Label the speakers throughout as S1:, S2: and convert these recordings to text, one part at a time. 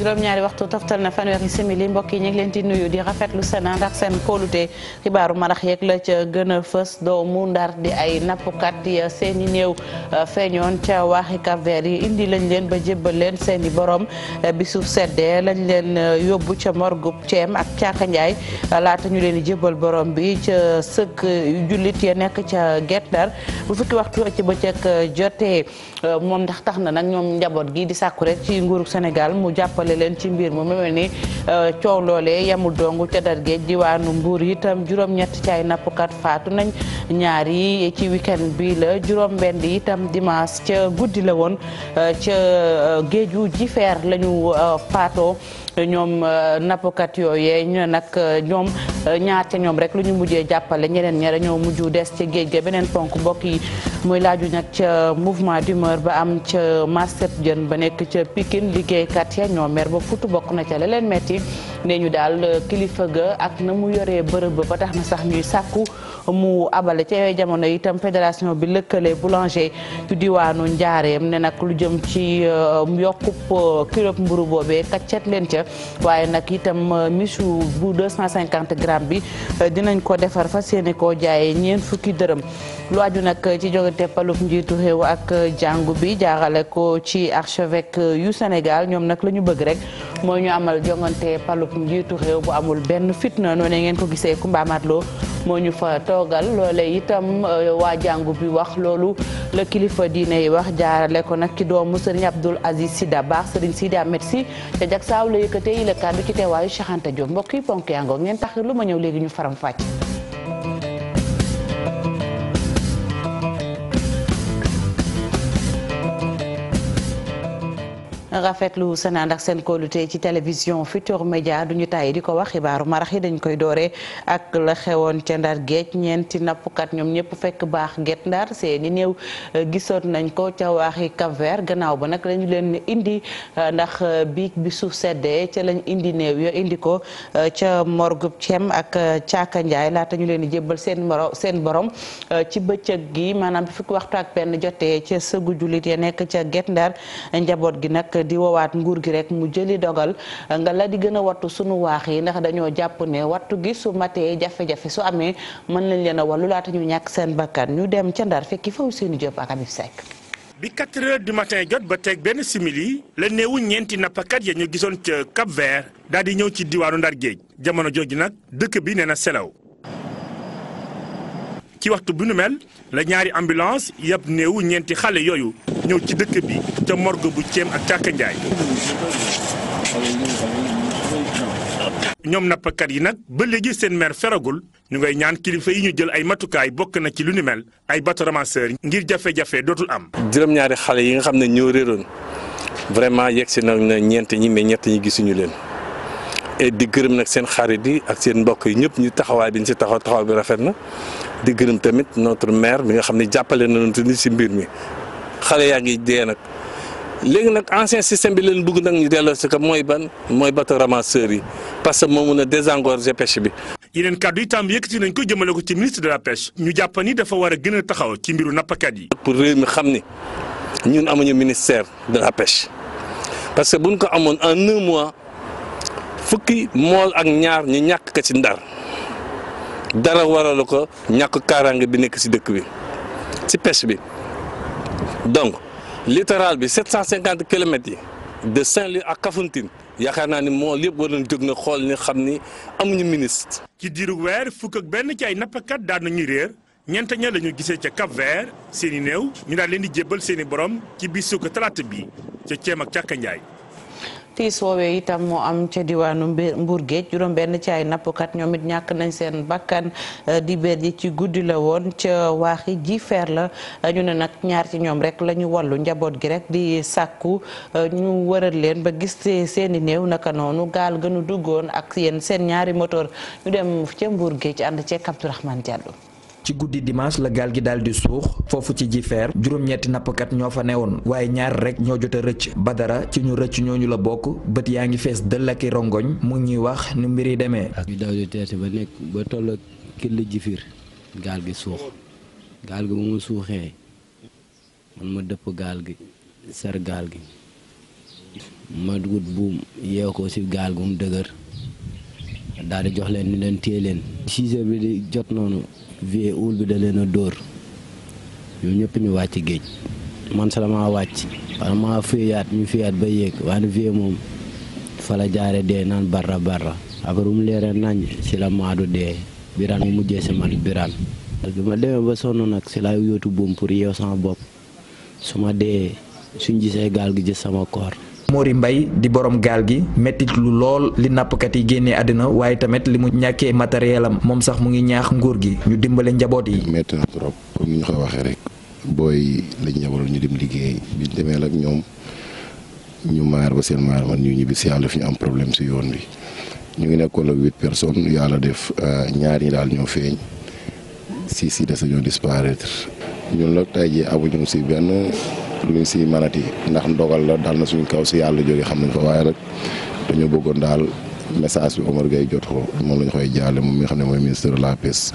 S1: juróom-ñaari waxtu toftal na fanweeri simili mbokk yi ñu ngi leen di nuyu di rafetlu seen ànd ak seen kóolute xibaaru marax yeeg la ca gën a fës doomu ndar di ay nappkat ya uh, seen i néew uh, feeñoon ca waaxi cap yi indi lañ leen ba jébbal leen seeni i borom uh, bi suuf seddee lañ leen yóbbu ca morgub Ceem ak Caaka Njaay laata ñu leen di jébbal boroom bi ca sëkk jullit ya nekk ca Guet Ndar bu fukki waxtu ci bëccëg jotee moom ndax tax na nag ñoom njaboot gi di sàkku rek ci nguuru Sénégal jàppale leen ci mbir mu mel ni euh, coow loolee yamul dong ca géej diwaanu Mbuur yitam juróom-ñett ci ay nappkat faatu nañ ñaar yi ci weekend bi la juróom-benn itam dimanche ca guddi la woon euh, ca euh, géeju jifeer lañu faatoo ñoom euh, nappkat yooyee ñu ne nag euh, ñoom euh, ñaar ca ñoom rek lu ñu mujjee jàppale ñeneen ña dañoo mujj des ca géej ga beneen ponk mbokk yi muy laaju nag ca mouvement d'humeur ba am ca marché jën ba nekk ca Pikine liggéeykat ya ñoo mer ba futu bokk na ca la leen metti nee ñu daal kilifa ga ak na mu yoree bërëb ba tax na sax ñuy sàkku mu abale ca yooyu jamono itam fédération bi lëkkale boulanger yu diwaanu njaareem ne nag lu jëm ci euh, yokkub euh, kilob mburu boobee kaccet leen ca waaye nag itam euh, misu bu 250 grammes bi dinañ ko defar fa yéene koo jaayee ñeent fukki dërëm lu aju nag ci jogante palug njiitu réew ak jàngu bi jaarale ko ci archevêque yu Sénégal ñoom nag la ñu bëgg rek mooy ñu amal jongante palub njiitu réew bu amul benn fitna noonu ngeen ko gisee Kumba Matlo moo ñu fa toogal loole itam euh, waa jàngu bi wax loolu la kilifa diine yi wax jaarale ko nag ci doomu Serigne Abdoul Aziz Sy Dabakh Serigne Sidi Ahmed Sy te jak saaw la yëkkatee yi la kàddu ci teewaayu Cheikh Anta Diop mbokk yi ponk yangoo ngeen tax lu ma ñëw léegi ñu faram fàcc rafetlu seen ànd ak seen kóolute ci télévision Futur Média duñu tàyyi di ko wax xibaaru marax yi dañ koy dooree ak la xewoon ca Ndar geej ñeenti nappkat ñoom ñëpp fekk baax géej Ndar seeni néew euh, gisoon nañ ko ca waaxi cap gannaaw ba nag lañu leen indi euh, ndax euh, biig bi suuf seddee ca lañ indi neew yo indi ko ca morgub cem ak Caaka Njaay laata ñu leen di jébbal seen moro seen borom ci bëccëg gi maanaam bi fukki waxtu ak benn jotee ca sëgu jullit ya nekk ca géej Ndar njaboot gi nag di woowaat nguur gi rek mu jëli dogal nga la di gën a wattu suñu waax yi ndax dañoo jàpp ne wattu gi su matee jafe-jafe su amee mën nañ leen a wallu laata ñu ñàkk seen bakkan ñu dem ca ndar fekki faw seeni jëpp ak Habib Seck
S2: bi 4 heures du matin jot ba teg benn simili la néewu ñeenti nappakat ya ñu gisoon ca Cap Vert daal di ñëw ci diwaanu Ndar géej jamono jooju nag dëkk bi nee na ci waxtu bu nu mel la ñaari ambulance yëpp néewu ñeenti xale yooyu ñëw ci dëkk bi ca morgue bu ceem ak Càkk ñoom nappkat yi nag ba léegi seen mer feragul ñu ngay ñaan kilifa yi ñu jël ay matukaay bokk na ci lu ni mel ay bateau ramasseur ngir jafe-jafe dootul am.
S3: juróom-ñaari xale yi nga xam ne ñoo réeroon vraiment yegg si nag na ñi mais ñett ñi gisuñu leen. et eh, di gërëm nag seen xarit yi ak seen mbokk yi ñëpp ñu taxawaay bi ñu si taxaw taxaw bi rafet na di gërëm tamit notre maire bi nga xam ne jàppale nañu ni si mbir mi xale yaa ngi dee nag. léegi nag ancien système bi leen bëgg nag ñu delloo si mooy ban mooy bateau ramasseur yi parce que moo mun a désengorger pêche bi.
S2: yeneen kàddu itam yëkkati nañ
S3: ko jëmale ko ci ministre de la pêche ñu jàppal ni dafa war a gën a taxaw ci mbiru nappkat yi. pour réew mi xam ni ñun amuñu ministère de la pêche parce que buñ ko amoon en un mois. fukki mool ak ñaar ñu ñàkk ko ci ndar dara waralu ko ñàkk kaaraange bi nekk ci dëkk bi ci pêche bi donc littoral bi 750 kilomètres yi de Saint-Louis ak Kafountine yaakaar naa ni mool yëpp war jóg na xool ni xam ni amuñu ministre. ci diiru weer fukk ak benn ci ay nappkat daan nañu réer
S2: ñeent ña la gisee ca Cap Vert seeni néew ñu daal leen di jébbal seeni borom ci biir suuka talaata bi ca Ceem ak Càkka
S1: tiis woowee itam moo am ca diwaanu Mbour Géej juróom benn ci ay nappkat ñoom it ñàkk nañ seen bakkan eh, dibeer ji ci guddi la woon ca waaxi ji feer la eh, ñu ne nag ñaar ci ñoom rek la ñu wallu njaboot gi rek di sàkku eh, ñu wëral leen ba gis seeni néew naka noonu gaal gënu duggoon ak yéen seen ñaari moteur ñu dem ca Mbour Géej ànd ceeg Abdourahmane Diallo ci
S4: guddi dimaas la gaal gi daal di suux foofu ci jifeer juróom-ñetti nappkat ñoo fa newoon waaye ñaar rek ñoo jot a rëcc dara ci ñu rëcc ñooñu la bokk bët yaa ngi fees dëll ak i rongoñ mu ngi
S5: wax nu mbir yi demee. ñu daw di teete ba nekk ba toll këll jifiir gaal gi suux gaal gi bu mu suuxee man ma dëpp gaal gi ser gaal gi ma wut buum yeew ci gaal gi mu dëgër. daal di jox leen ni leen téye leen. 6 heures bi di jot noonu vie uul bi da leen a dóor ñoom ñëpp ñu wàcc géej man sa dama wàcc. wala maa fiyaat ñu fiyaat ba yéeg waaye vie moom fala jaare dee naan barra barra. après mu leeree nañ si la maadu dee biraan mu mujjee si man biraan. bi ma demee ba sonn nag si laay yootu buum pour yeew sama bopp su ma dee suñ
S6: gisee gaal gi jës sama koor.
S5: Mori Mbay di borom gaal gi mettit lu lool li nappkat
S4: yi génnee àddina waaye tamit li mu ñàkkee matériel am moom sax mu ngi ñaax nguur gi ñu dimbale njaboot yi.
S7: métti na trop comme ni ñu ko waxee rek booy lañ ñabaloon ñu dem liggéey biñ demee lag ñoom ñu maar ba seen maar man ñu ñibbi si yàlla fi ñu am problème si yoon bi ñu ngi nekkoon ak huit personnes yàlla def euh, ñaar ñi daal ñoo feeñ si si des ñoo disparaître ñu nag tey amuñu si benn. luñ si manati ndax ndogal la dal na suñu kaw si yàlla jóge xam nañ ko waaye rek dañoo bëggoon daal message
S4: bi Omar Gueye jot ko moom lañ koy jaale moom mi xam ne mooy ministre de la pêche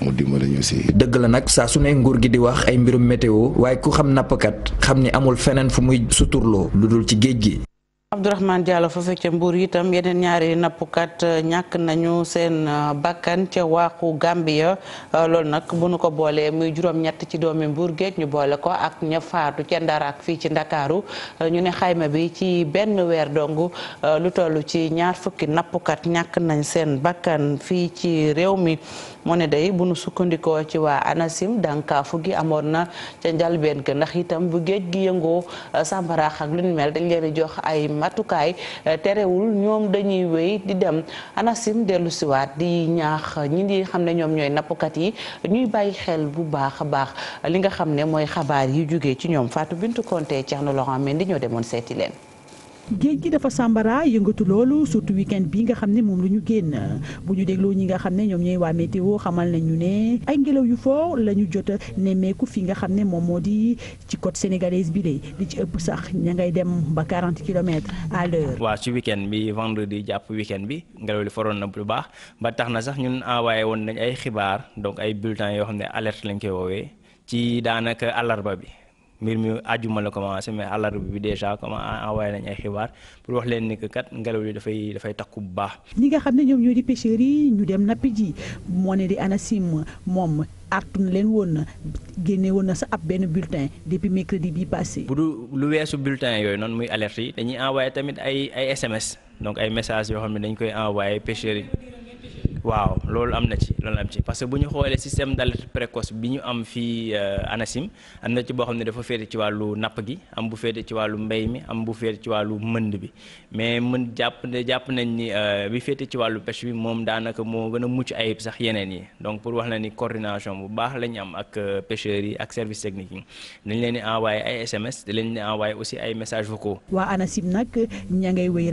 S4: mu dimbali ñu si. dëgg la nag saa su ne nguur gi di wax ay mbirum météo waaye ku xam nappkat xam ni amul feneen fu muy suturloo lu dul ci géej gi.
S1: Abdourahmane Diallo fa fekk ca Mbuur itam yeneen ñaari nappkat euh, ñàkk nañu seen euh, bakkan ca waaxu Gambia euh, loolu nag bu nu ko boolee muy juróom-ñett ci doomi Mbuur géej ñu boole ko ak ña ce ca fii ci Ndakaaru ñu ne xayma bi ci benn weer dong lu toll ci ñaar fukki nappkat ñàkk nañ seen bakkan fii ci réew mi. mu ne day bu nu sukkandikoo ci waa ANACIM dànkaafu gi amoon na ca njalbeen ka ndax itam bu géej gi yëngoo euh, sàmbaraax ak lu ni mel dañ leen di jox ay matukaay euh, terewul ñoom dañuy wéy di dem ANACIM dellu siwaat di ñaax ñi di xam ne ñoom ñooy nappkat yi ñuy bàyyi xel bu baax a baax li nga xam ne mooy xabaar yi jógee ci ñoom bintu Fatou Bintou Conté Thierno Laurent Mendy ñoo demoon seeti leen
S8: géej gi dafa sàmbara yëngatu loolu surtout weekend bi nga xam ne moom la ñu génn bu ñu dégloo ñi nga xam ne ñoom ñooy waa météo xamal nañu ne ay ngelaw yu foo la ñu jot a nemmeeku fi nga xam ne moom moo di ci côte sénégalaise bi de li ci ëpp sax ña ngay dem ba 40 kilomètres à l'heure
S9: waaw ci weekend bi vendredi jàpp weekend bi ngelaw li foroon na bu baax ba tax na sax ñun envoyé woon nañ ay xibaar donc ay bulletins yoo xam ne alerte lañ koy woowee ci daanaka àllarba bi mbir mi àjjuma la commencé mais àllarba bi déjà comme envoyé nañ ay xibaar pour wax leen ni que kat ngelaw yi dafay dafay takku bu baax.
S8: ñi nga xam ne ñoom ñoo di pêcheurs yi ñu dem nappi jii moo ne di ANACIM moom artu leen woon na génne woon na sa ab benn bulletin depuis mercredi bi passé. bu du
S9: lu weesu bulletin yooyu noonu muy alerte yi dañuy envoyé tamit ay ay SMS donc ay messages yoo xam ne dañ koy envoyé pêcheurs yi. waaw loolu am na ci loolu am ci parce que bu ñu xoolee système d'alerte précoce bi ñu am fii euh, ANACIM am na ci boo xam ne dafa féete ci wàllu napp gi am bu féete ci wàllu mbay mi am bu féete ci wàllu mënd bi mais mën jàpp ne jàpp nañ ni euh, bi féete ci wàllu pêche bi moom daanaka moo gën a mucc ayib sax yeneen yi donc pour wax la ni coordination bu baax lañ am ak euh, pêcheurs yi ak service technique yi dañ leen di envoyé ay SMS di leen di envoyé aussi ay messages vocaux.
S8: waa ANACIM nag ña ngay wéy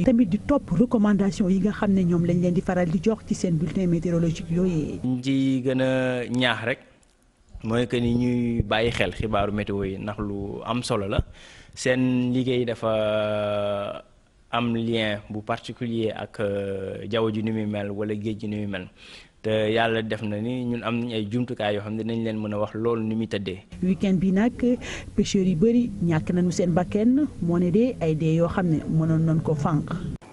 S8: yi tamit di topp recommandation yi nga xam ne ñoom lañ leen di faral di jox ci seen bulletin météorologique yooyu.
S9: ñu ci gën a ñaax rek mooy que ni ñuy bàyyi xel xibaaru météo yi ndax lu am solo la seen liggéey dafa euh, am lien bu particulier ak euh, jaww ji ni muy mel wala géej ji ni muy mel. te yàlla def na ni ñun am nañ ay jumtukaay yoo xam ne dinañ leen mën a wax loolu ni muy
S8: tëddee. weekend bi nag pêcheurs yu bëri ñàkk nañu seen ba kenn moo ne dee ay dee yoo xam ne mënoon noon ko fànq.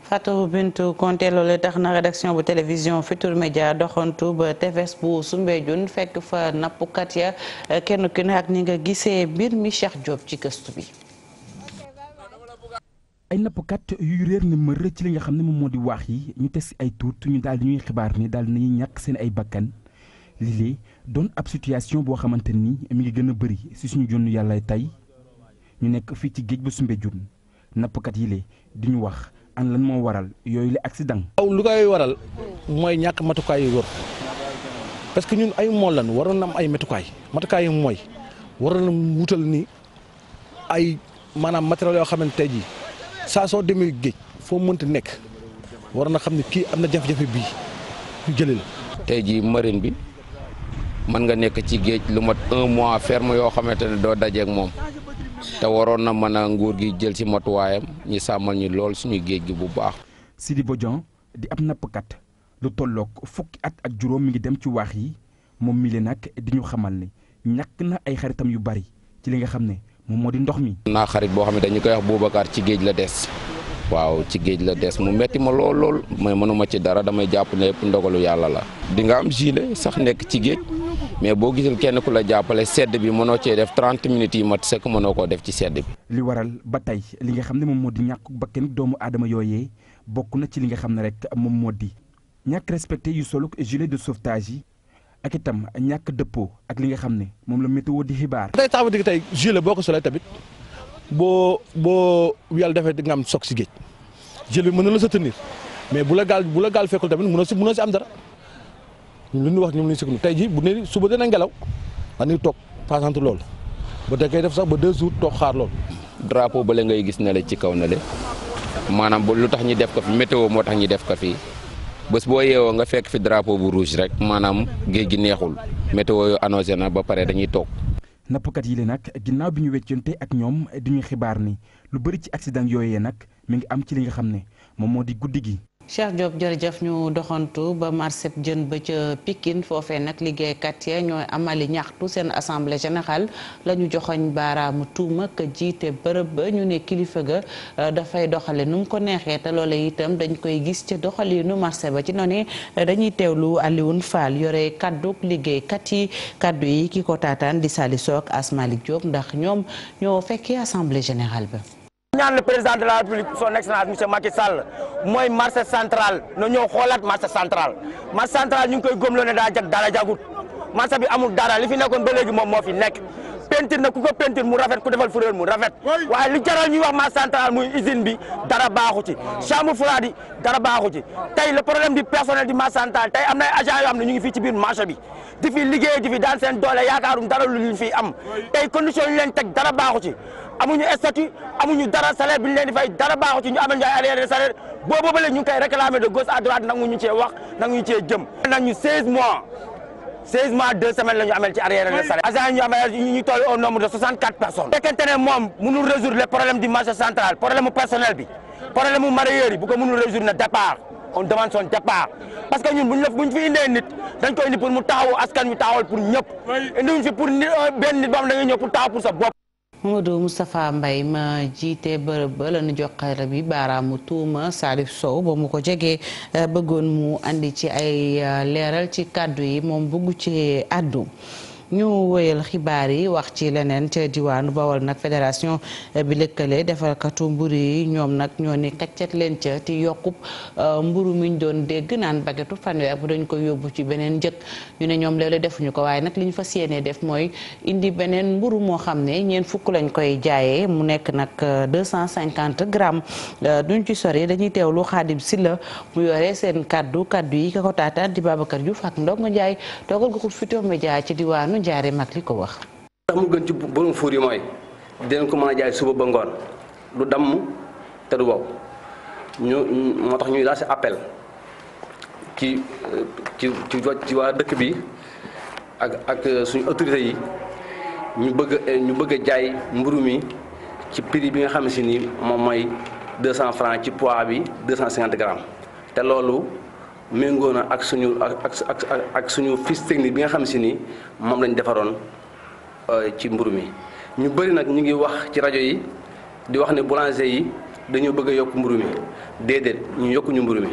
S1: Fatou Bintou Conté loolu tax na rédaction bu télévision Futur Média doxantu ba tefes bu Soumbédioune fekk fa nappkat ya kenn ki ne ak ni nga gisee mbir mi Cheikh Diop ci këstu bi.
S10: ay nappkat yuy réer ne mër ci li nga xam ne moom moo di waax yi ñu teg si ay tuut ñu daal ñuy xibaar ni daal di nañuy ñàkk seen ay bakkan lii lee doon ab situation boo xamante ni mi ngi gën a bëri si suñu jonn yàlla tey ñu nekk fii ci géej ba Soumbédioune nappkat yi lee di ñu wax an lan moo waral yooyu la accident. aw lu
S5: koy waral mooy ñàkk matukaay yu que ñun ay waroon am ay matukaay matukaay yi mooy waroon na wutal ni ay maanaam matériels yoo xamante tey jii saa soo demee géej foo mënta nekk war na xam ne kii am na jafe-jafe bii ñu jëlee la.
S7: tey jii marine bi mën nga nekk ci géej lu mat un mois ferme yoo xamante ne doo dajeek moom te waroon na mën a nguur gi jël ci matuwaayam ñu sàmmal ñu lool suñu géej gi bu baax.
S10: Sidi Bodian di ab nappkat lu tolloog fukki at ak juróom mi ngi dem ci waax yi moom mi nag di ñu xamal ni ñàkk na ay xaritam yu bari ci li nga xam ne. moom moo di ndox mi.
S7: naa xarit boo xam ne dañu koy wax Boubacar ci géej la des waaw ci géej la des mu metti ma lool lool mais mënuma ci dara damay jàpp ne yëpp ndogalu yàlla la. di nga am gile sax nekk ci géej mais boo gisul kenn ku la jàppale sedd bi mënoo cee def 30 minutes yi mat sëkk mënoo koo def ci sedd bi.
S10: li waral ba tey li nga xam ne moom moo di ñàkk bakkan doomu aadama yooyee bokk na ci li nga xam ne rek moom moo di ñàkk respecte yu soluk gilet de sauvetage yi. ak itam ñàkk dëppoo ak li nga xam ne moom la météo di xibaar. day
S5: tax digg tey gilet boo ko solee tamit boo boo yàlla defee di am soog si géej mën na la soutenir mais bu la gaal bu la gaal fekkul tamit mënoo si mënoo si am dara lu ñu wax ñu sukkandiku tey jii bu ne suba dina ngelaw dañuy toog passante loolu ba da koy def sax ba deux jours toog xaar loolu. drapeau ba ngay gis
S7: na la ci kaw na le maanaam ba lu tax ñu def ko fi météo moo tax ñu def ko fii. bés boo yeewoo nga fekk fi drapeau bu rouge rek maanaam géej gi neexul météo yu annoncé na ba pare dañuy toog.
S10: nappkat yi la nag ginnaaw bi ñu wéccante ak ñoom di ñu xibaar ni lu bëri ci accident yooyee nag mi ngi am ci li nga xam ne moom moo di guddi gi.
S1: Cheikh Diop jërëjëf ñu doxantu ba marché jën ba ca pikin foofee nag liggéeykat ya ñooy amali ñaxtu seen assemblée générale lañu joxoñ baaraamu tuuma ka jiite bërëb ba ñu ne kilifa ga euh, dafay doxale nu mu ko neexee te loola itam dañ koy gis ca doxaliinu marché ba ci noonu dañuy teewlu Alioune Fall yore liggéey kat yi kaddu yi ki ko taataan di Sali Sock Asmalik Diop ndax ñoom ñoo fekkee assemblée général ba.
S6: ñaan le président de la république son excellence monsieur Macky Sall mooy marché central na ñëw xoolaat marché central marché central ñu ngi koy góomloo ne daa jag dara jagut marché bi amul dara li fi nekkoon ba léegi moom moo fi nekk pentir na ku ko pentir mu rafet ku defal furéel mu rafet waaye li jaral ñuy wax marché central muy usine bi dara baaxu ci chambre froide dara baaxu ci tey le problème du personnel du marché central tey am na ay agents ne ñu ngi fii ci biir marché bi di fi liggéey di fi doole yaakaarum dara lu fi am tey condition yi leen teg dara baaxu ci amuñu statut amuñu dara salaire bi ñu leen fay dara baaxu ci ñu amal ñu salaire boobu ba léegi ñu ngi koy réclamer de gauche à droite nangu ñu cee wax nangu ñu cee jëm. nag ñu mois 16 mois 2 semaines la ñu amal ci arriérés de salaire. agents yi ñu amal ñu toll de 64 personnes. bu fekkente ne moom mënul résoudre les problèmes du marché mu personnel bi on demande son départ parce que ñun buñ la fi indee nit dañ koy indi pour mu taxaw askan wi taxawal pour ñëpp indiwuñ fi pour euh, benn nit ba xam da ngay ñëw pour taxaw pour sa bopp
S1: Mamadou Moustapha Mbaye ma jiite bërëb ba la ñu joxare bi baaraamu tuuma Salif Sow ba mu ko jege euh, bëggoon mu andi ci ay euh, leeral ci kàddu yi moom bëggu ci àddu ñu wëyal xibaar yi wax ci leneen ca diwaanu Bawol nag fédération bi lëkkale defarkatu mburu yi ñoom nag ñoo ni kaccat leen ca ti yokkub euh, mburu miñ doon dégg naan bagetu fanweer bu dañ ko yóbbu ci beneen njëkk ñu ne ñoom loolu defuñu ko waaye nag li ñu fas yéenee def mooy indi beneen mburu moo xam ne ñeen fukk lañ koy jaayee mu nekk nag 250 euh, grammes euh, duñ ci sori dañuy teewlu Xaadim la mu yore seen kaddu kaddu yi ka ko taataan di Babacar Diouf ak Ndongo Ndiaye toogal ko Futurs Médias ci diwaanu ñu jaaree mag li ko wax.
S5: ndax mu gën ci borom fuur yi mooy dinañ ko mën jaay suba ba ngoon lu damm te du wow ñu moo tax ñuy lancé appel ci ci ci waa dëkk bi ak ak suñu autorités yi ñu bëgg ñu bëgg a jaay mburu mi ci prix bi nga xam si ni moom mooy 200 francs ci poids bi 250 grammes te loolu. méngoo na ak suñu ak ak ak suñu fiche technique bi nga xam si ni moom lañu defaroon euh, ci mburu mi. ñu bëri nag ñu ngi wax ci rajo yi di wax ne boulanger yi dañoo bëgg a yokk mburu mi déedéet ñu yokkuñu mburu mi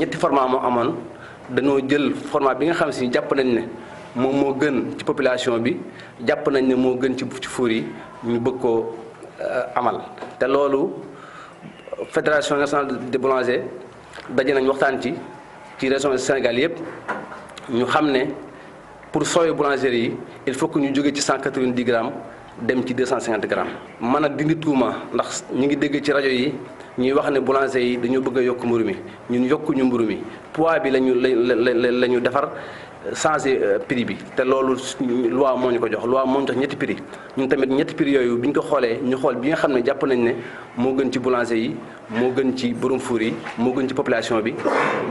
S5: ñetti format moo amoon dañoo jël format bi nga xam si jàpp nañ ne. moom moo gën ci population bi jàpp nañ ne moo gën ci ci fuur yi ñu bëgg koo euh, amal te loolu fédération nationale des boulangers daje nañ waxtaan ci ci région Sénégal yëpp ñu xam ne pour sooy boulangerie yi il faut que ñu jóge ci 190 grammes dem ci 250 grammes. mën a dindi tuuma ndax ñu ngi dégg ci rajo yi ñuy wax ne boulanger yi dañoo bëgg a yokk mburu mi ñun yokkuñu mburu mi pois bi lañu la la la ñu defar. changé euh, prix bi te loolu loi moo ko jox loi moo ñu jox ñetti prix ñun tamit ñetti prix yooyu bi ñu ko xoolee ñu xool bi nga xam ne jàpp nañ ne moo gën ci boulanger yi moo gën ci borom fuur yi moo gën ci population bi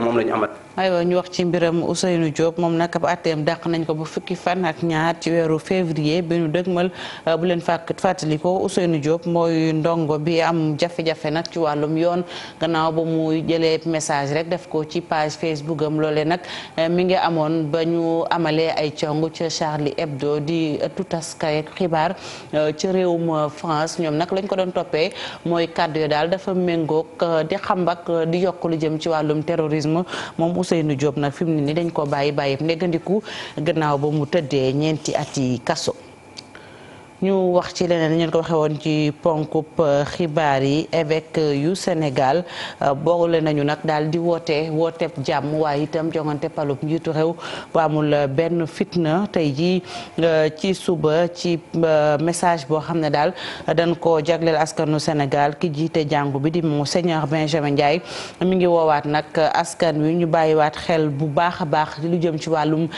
S5: moom la ñu amat.
S1: aywa ñu wax ci mbiram Ousseynou Diop moom nag ba àtteem dàq nañ ko ba fukki fan ak ñaar ci weeru février bi ñu dëgmal euh, bu leen fàkk fàttaliko Ousseynou Diop mooy ndongo bi am jafe-jafe nag ci wàllum yoon gannaaw ba mu jëlee message rek def ko ci page Facebook am loolee nag euh, mi ngi amoon ba ñu amalee ay cong ca Charlie Hebdo di toutaska taskay xibaar euh, ca réewum euh, France ñoom nag lañ ko doon toppee mooy kadd yo daal dafa méngoog euh, di xambak di yokk jëm ci wàllum terrorisme moom Ousseynou Diop nag fi mu ne ni dañ ko bàyyi bàyyi négandiku gannaaw ba mu tëddee ñeenti at yi kaso ñu wax ci leneen ñu leen ko waxee woon ci ponkub euh, xibaar yi évêque euh, yu Sénégal euh, boole nañu nag daal di woote wooteeb jàmm waaye itam jongante palub njiitu réew bu benn fitna tey jii ci suba ci message boo xam ne daal dañ ko jagleel askanu Sénégal ki jiite jàngu bi di Monseigneur Benjamin Ndiaye mi ngi woowaat nag askan wi ñu bàyyiwaat xel bu baax a baax lu jëm ci wàllum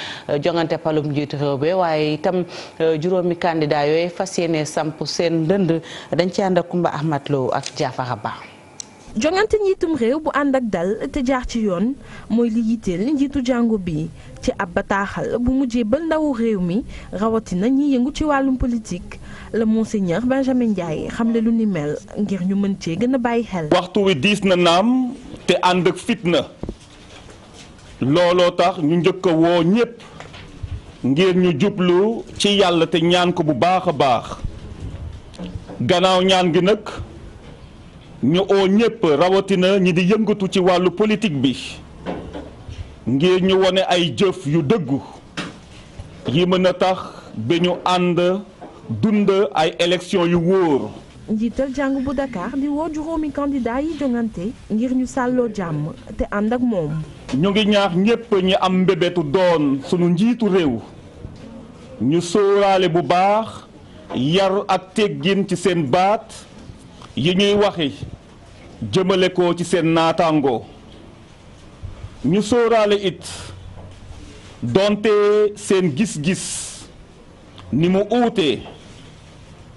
S1: jongante palub njiitu réew bi waaye itam juróomi candidat yooyu yooyu fas yéene samp seen ndënd dañ ci ànd ak Kumba Ahmad Lo ak Jaafara Ba
S11: jongante njiitum réew bu ànd ak dal te jaar ci yoon mooy li yitteel njiitu jàngo bi ci ab bataaxal bu mujjee ba ndawu réew mi rawatina ñi yëngu ci wàllum politik la monseigneur Benjamin xam xamle lu ni mel ngir ñu mën cee gën a bàyyi xel.
S12: waxtu wi diis na naam te ànd ak fitna looloo tax ñu njëkk woo ñëpp. ngir ñu jublu ci yàlla te ñaan ko bu baax a baax gannaaw ñaan gi nag ñu oo ñépp rawatina ñi di yëngatu ci wàllu politik bi ngir ñu wone ay jëf yu dëggu yi mën a tax ba ñu ànd dund ay élection yu wóor
S11: njiital jàng bu Dakar di woo juróomi candidat yi jongante ngir ñu sàlloo jàmm te ànd ak moom.
S12: ñu ngi ñaax ñépp ñi am mbébétu doon sunu njiitu réew ñu sóoraale bu baax yar ak teggin ci seen baat yi ñuy waxi jëmale ko ci seen naataangoo ñu sóoraale it doonte seen gis-gis ni mu uute.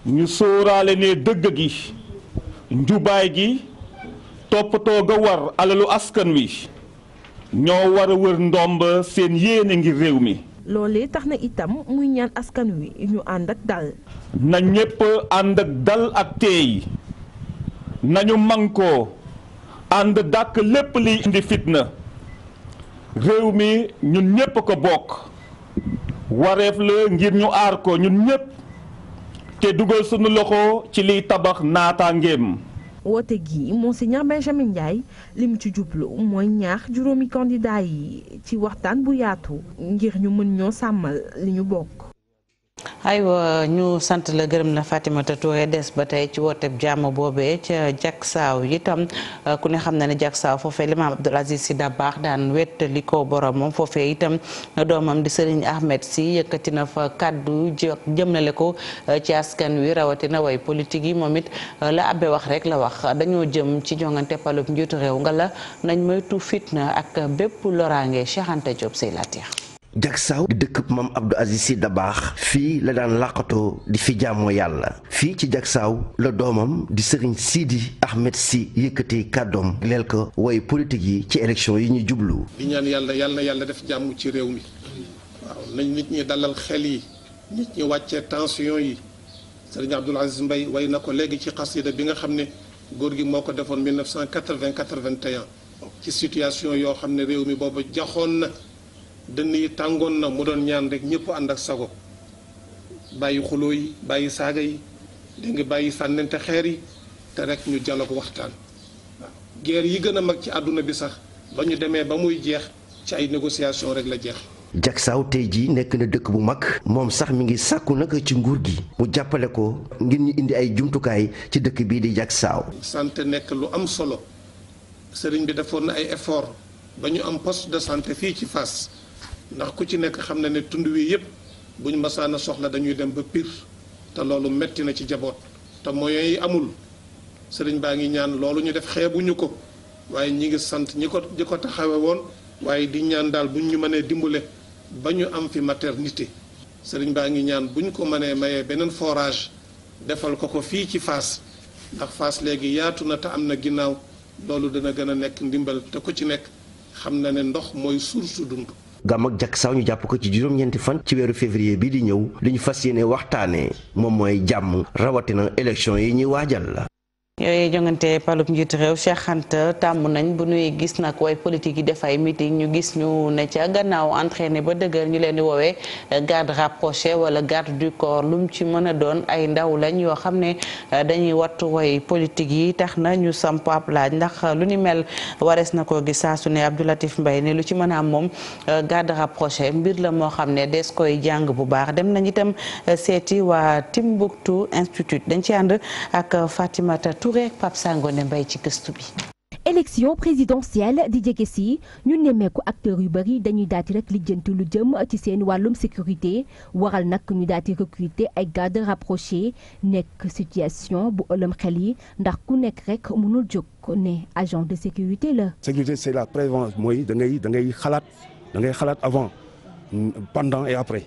S12: ñu sóoraale ne dëgg gi njubaay gi toppatoo ga war alalu askan wi ñoo war a wër ndomb seen yéene ngir réew mi
S11: loolee tax na itam muy ñaan askan wi ñu ànd ak dal
S12: na ñépp ànd ak dal ak teey nañu mànkoo ànd dàkk lépp liy indi fitna réew mi ñun ñépp ko bokk wareef la ngir ñu aar ko ñun ñépp te dugal suñu loxo ci liy tabax naataangeem.
S11: woote gi moo Monseigneur Benjamin Ndiaye li mu ci jublu mooy ñaax juróomi candidat yi ci waxtaan bu yaatu ngir ñu mën ñoo sàmmal li ñu bokk.
S1: aywa ñu sant la gërëm na Fatimata Touré des ba tey ci wooteb jàmm boobee ca saaw yitam euh, ku ne xam na ne jagsaaw foofe limaam Abdoul Aziz Sy baax daan wettali ko borom boromam foofee itam euh, doomam di Serigne Ahmed Sy yëkkatina fa kàddu jëm jëmlale ko euh, ci askan wi rawatina way politique yi moom it la abe wax rek la wax dañoo jëm ci jongante palub njiitu réew nga la nañ moytu fitna ak bépp loraange Cheikh Anta Diop la laatiir
S5: Jagsaaw di dëkk maam Abdou Aziz Sy baax fii la daan làqatoo di fi jàmmoo yàlla fii ci Jagsaaw la doomam di sëriñ Sidi Ahmed Sy yëkkatee kàddoom leel ko way politique yi ci élection yi ñu jublu.
S13: di yàlla yàlla yàlla def jàmm ci réew mi waaw nañ nit ñi dalal xel yi nit ñi wàccee tension yi sëriñ Abdou Aziz Mbaye way na ko léegi ci xasida bi nga xam ne góor gi moo ko defoon 1980 81 ci situation yoo xam ne réew mi boobu joxoon na. dënn yi tàngoon na mu doon ñaan rek ñëpp ànd ak sago bàyyi xuloo yi bàyyi saaga yi dégg bàyyi sànnente xeer yi te rekk ñu jano ko waxtaan waaw guerre yi gën a mag ci àdduna bi sax ba ñu demee ba muy jeex ci ay négociation rek la jeex
S5: Jaksaaw tey jii nekk na dëkk bu mag moom sax mi ngi sàkku nag ci nguur gi mu jàppale ko ngir ñu indi ay jumtukaay ci dëkk bii di Jaksaaw
S13: santé nekk lu am solo sëriñ bi defoon na ay effort ba ñu am post de santé fii ci fas ndax ku ci nekk xam na ne tund wi yëpp buñ masaana soxla dañuy dem ba piir te loolu metti na ci jaboot te moyens amul sëriñ baa ngi ñaan loolu ñu def xeebuñu ko waaye ñi ngi sant ñi ko ñi ko taxawee woon waaye di ñaan daal buñ ñu mënee dimbale ba ñu am fi maternité sëriñ baa ngi ñaan buñ ko mënee mayee beneen forage defal ko ko fii ci Fass ndax faas léegi yaatu na te am na ginnaaw loolu dina gën a nekk ndimbal te ku ci nekk xam na ne ndox mooy source dund
S5: gàmm ak jak saw ñu jàpp ko ci juróom-ñeenti fan ci weeru février bi di ñëw li ñu fas yéene waxtaanee moom mooy jàmm rawatina élection yi ñuy waajal la
S1: yooyu jongante palub njiitu réew Cheikh Anta tàmm nañ bu ñuy gis nag way politique yi def ay meeting ñu gis ñu ne ca gannaaw entraîné ba dëgër ñu leen di woowee garde rapproché wala garde du corps lum ci mën a doon ay ndaw lañ yoo xam ne euh, dañuy wattu woy politique yi tax na ñu sampaab laaj ndax euh, lu ni mel warees na ko gis saa su ne Abdou Latif Mbaye ne lu ci mën a am moom euh, garde rapproché mbir la moo xam ne des koy jàng bu baax dem nañ itam seeti waa Timbuktu Institute dañ ci ànd ak Touré ak Pape Sangone Mbaye ci gëstu bi.
S11: élection présidentielle di jege si ñu nemmeeku acteur yu bëri dañuy daal rek lijjanti lu jëm ci seen wàllum sécurité waral nag ñu daal di recruter ay garde rapproché nekk situation bu ëlëm xel yi ndax ku nekk rek mënul jóg ne agent de sécurité la.
S12: sécurité c'est la prévention mooy da ngay da ngay xalaat da ngay xalaat avant pendant et après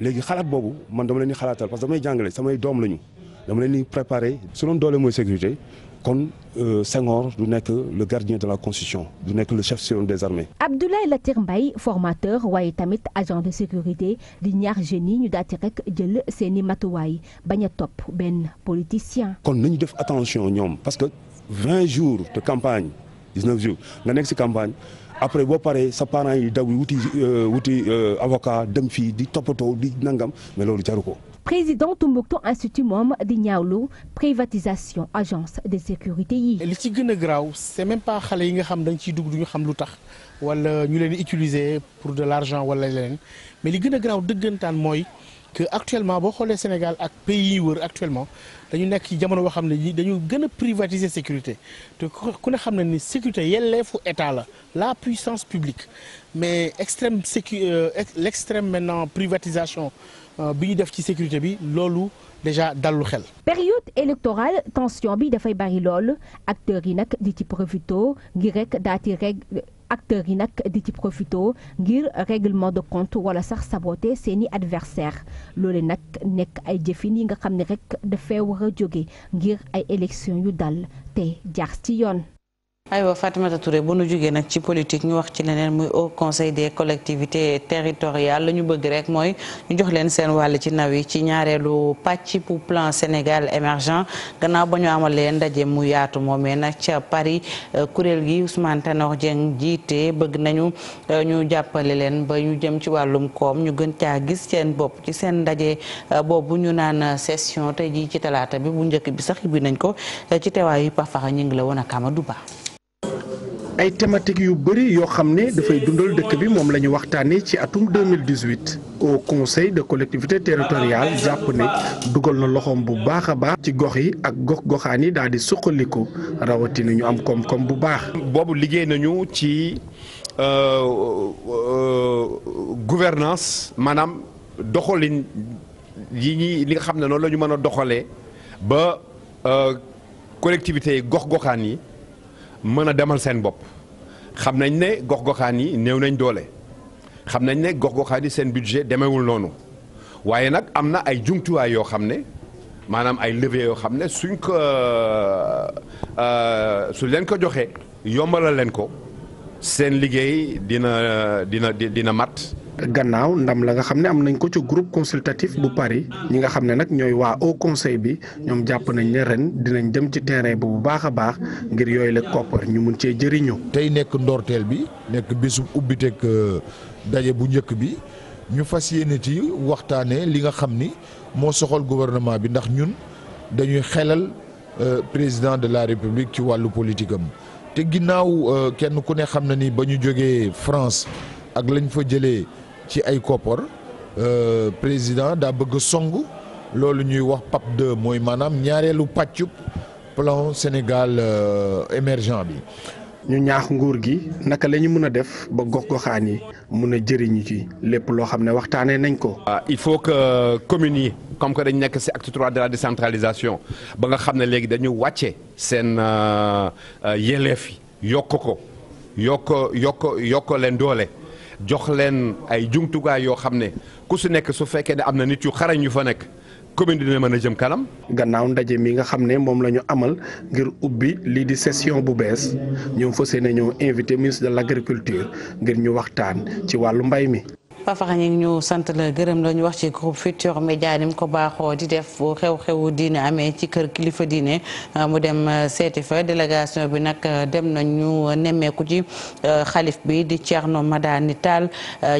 S12: léegi xalaat boobu man dama leen di xalaatal parce que damay jàngale samay doom lañu. dama leen di préparer su doon doole mooy sécurité kon euh, Senghor du nekk le gardien de la constitution du nekk le chef suprême des armées.
S11: Abdoulaye Latir Mbaye formateur waaye tamit agent de sécurité di ñaar jeunes yi ñu daal di rek jël seen i matuwaay bañ a topp benn politicien.
S12: kon nañu def attention ñoom parce que vingt jours de campagne dix-neuf jours nga nekk si campagne. après boo paree sa parent yi daw wuti euh, wuti euh, avocat dem fii di toppatoo di nangam mais loolu jaru ko.
S11: présidente Mbokto institut moom di ñaawlu privatisation agence de sécurité yi.
S10: li ci gën a graaw c'est même pas xale yi nga xam dañ ciy dugg ñu xam lu tax wala ñu leen utiliser pour de l'argent wala leneen mais li gën a graaw dëggantaan mooy. que actuellement boo xoolee Sénégal ak pays yi wër actuellement dañu nekk ci jamono boo xam ne dañu gën a privatiser sécurité te ku ne xam na ni sécurité fu état la la puissance publique mais extrême sécu euh, l'extrême maintenant privatisation Euh, bi ñu def ci sécurité bi loolu déjà dallu xel.
S11: période électorale tension bi dafay bari lool acteurs yi nag di ci profito ngir rek nag di ci profito ngir règlement de compte wala sax saboter seeni adversaire loole nag nekk ay jëfin yi nga xam ne rek dafay war a jóge ngir ay élection yu dal te jaar ci yoon.
S1: aywa Fatimata Touré bu nu jugee nag ci politique ñu wax ci leneen muy au conseil des collectivités territoriales la ñu bëgg rek mooy ñu jox leen seen wàll ci naw yi ci ñaareelu pàcc pour plan Sénégal émergent gannaaw ba ñu amalee ndaje mu yaatu moomee nag ca Paris euh, kuréel gi Ousmane Tanor Dieng jiite bëgg nañu euh, ñu jàppale leen ba ñu jëm ci wàllum koom ñu gën caa gis seen bopp ci seen ndaje euh, boobu ñu naan session tey jii ci talaata bi bu njëkk bi sax bi nañ ko ci teewaayu Pafaxa ñu ngi la woon ak Amadou Ba
S13: ay thématique yu bëri yoo xam ne dafay dundal dëkk bi moom la ñu waxtaanee ci atum 2018 au conseil de collectivité territoriale jàpp ne dugal na loxoom bu baax a baax ci gox yi ak gox goxaan yi daal di suqaliku rawatina ñu am koom-koom bu baax.
S14: boobu liggéey nañu ci euh, euh, gouvernance maanaam doxalin yi ñi li nga xam ne noonu lañu ñu mën a doxalee ba euh, collectivités yi gox goxaan yi. mën a demal seen bopp xam nañ ne gox-goxaan yi néew nañ doole xam nañ ne gox-goxaan yi seen budget demewul noonu waaye nag am na ay jumtuwaay yoo xam ne maanaam ay levier yoo xam ne suñ ko euh, euh, su leen ko joxee yombalal leen ko seen liggéey dina dina dina matt
S13: gannaaw ndam la nga xam ne am nañ ko ci groupe consultatif bu Paris ñi nga xam ne nag ñooy waa Haut Conseil bi ñoom jàpp nañ ne ren dinañ dem ci terrain bi bu baax a baax ngir yooyu la koppar ñu mun cee jëriñu. tey nekk ndorteel bi nekk bésub ubbiteeg euh, daje
S14: bu njëkk bi ñu fas yéene ci waxtaanee li nga xam ni moo soxal gouvernement bi ndax ñun dañuy xelal euh, président de la république ci wàllu politikam te ginnaaw euh, kenn ku ne xam na ni ba ñu jógee France. ak lañ fa jëlee ci ay koppar euh, président daa bëgg song loolu ñuy wax PAP 2 mooy maanaam ñaareelu pàccub plan Sénégal euh, émergent
S13: bi. ñu ñaax nguur gi naka lañu ñu mën a def ba gox-goxaan yi mën a jëriñu ci lépp loo xam ne waxtaanee nañ ko.
S14: Ah, il faut que communes yi comme que dañ nekk si acte trois de la décentralisation ba nga xam ne léegi dañu wàcce seen euh, yelleef yi yokk ko yokk yokk yokk leen doole. jox leen ay jumtukaay yoo xam ne ku si nekk su fekkee ne am na nit yu xarañ yu fa nekk commune dina mën a
S13: jëm kanam. gannaaw ndaje mi nga xam ne moom la ñu amal ngir ubbi lii di session bu bees ñoom fa yéene ñoo invité ministre de l' agriculture ngir ñu waxtaan ci wàllu mbay mi.
S1: Pafa Xañ ñu sant la gërëm la ñu wax ci groupe Futur Média ni ko baaxoo di def xew-xewu diine amee ci kër kilifa diine euh, mu dem euh, seeti fa délégation bi nag euh, dem nañu nemmeeku ci xalif bi di ceex Thierno Madani taal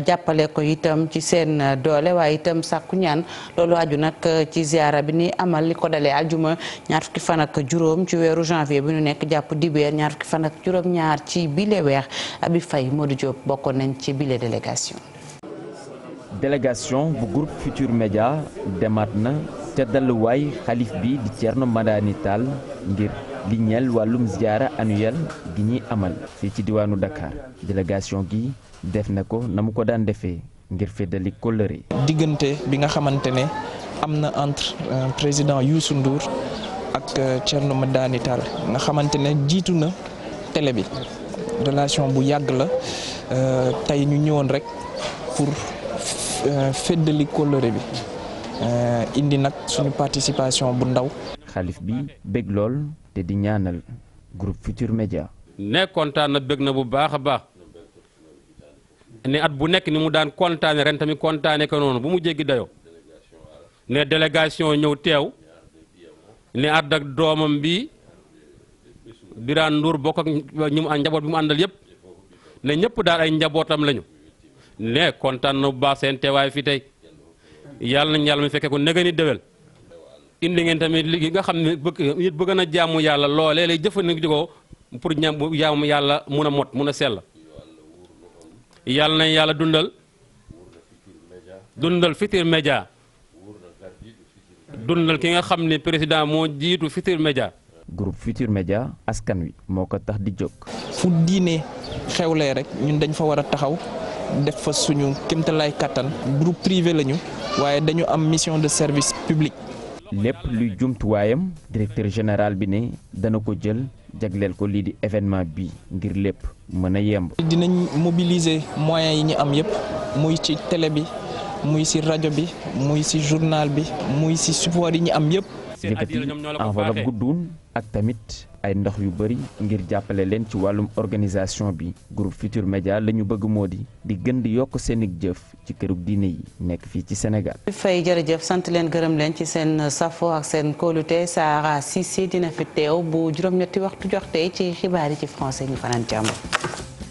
S1: jàppale ko itam ci seen doole waaye itam sàkku ñaan loolu aju nag ci ziara bi ni amal li ko dalee aljuma ñaar fukki fan ak juróom ci weeru janvier bi ñu nekk jàpp dibeer ñaar fukki fan ak juróom-ñaar ci bile weer Abi Faye Modou Diop bokkoon nañ ci bile délégation.
S4: délégation bu groupe Futur Média demaat na te dalluwaay xalif bi di Thierno Madani Tall ngir li wàllum ziyaara annuel gi ñuy amal fii ci diwaanu Dakar délégation gi def na ko na mu ko daan defee ngir feddali kóllëre diggante bi nga xamante ne am na entre euh, président Youssou Ndour ak euh, Thierno Madani Tall nga xamante ne jiitu na télé bi relation bu yàgg la euh, tey ñu ñëwoon rekk Euh, féddali kóllëre bi euh, indi nag suñu participation bu ndaw. xalif bi bëgg lool te di ñaanal groupe Futur Media.
S7: ne kontaan na bëgg na bu baax a baax ne at bu nekk ni mu daan kontaane ren tamit kontaane ko noonu bu mu jéggi dayoo ne délégation ñëw teew ne àdd ak doomam bi Birane Ndour bokk ak ñi mu njaboot bi mu àndal yëpp ne ñëpp daal ay njabootam lañu. ne kontaan na bu baax seen teewaay fi tey yàlla nañ yàlla mi fekkee ko nega ni déwél indi ngeen tamit li nga xam ne bëgg bëgg na jàmm yàlla loolee lay jëfandikoo pour ñam jaamu yàlla mun a mot mun a sell yàlla nañ yàlla dundal dundal Futurs Médias dundal ki nga xam ne président moo jiitu Futurs Médias
S4: groupe Futurs Médias askan wi moo ko tax di jóg fu diine xewlee rek ñun dañ fa war a taxaw def fa suñu kéemtalaay kàttan groupe privé lañu waaye dañu am mission de service public. lépp luy jumtuwaayam directeur général bi ne dana ko jël jagleel ko lii di événement bi ngir lépp mën a yemb. dinañ mobiliser moyens yi ñu am yépp muy ci télé bi muy ci rajo bi muy ci journal bi muy ci support yi ñu am yépp. yëkkati enveloppe gudduun ak tamit. ay ndox yu bëri ngir jàppale leen ci wàllum organisation bi group Futur Média la ñu bëgg moo di di gën di yokk seen jëf ci këru diine yi nekk fii ci Sénégal.
S1: fay jërëjëf sant leen gërëm leen ci seen safo ak seen kóolute Sahara Cissé dina fi teew bu juróom-ñetti waxtu jox tey ci xibaar yi ci français ñu fanaan jàmm.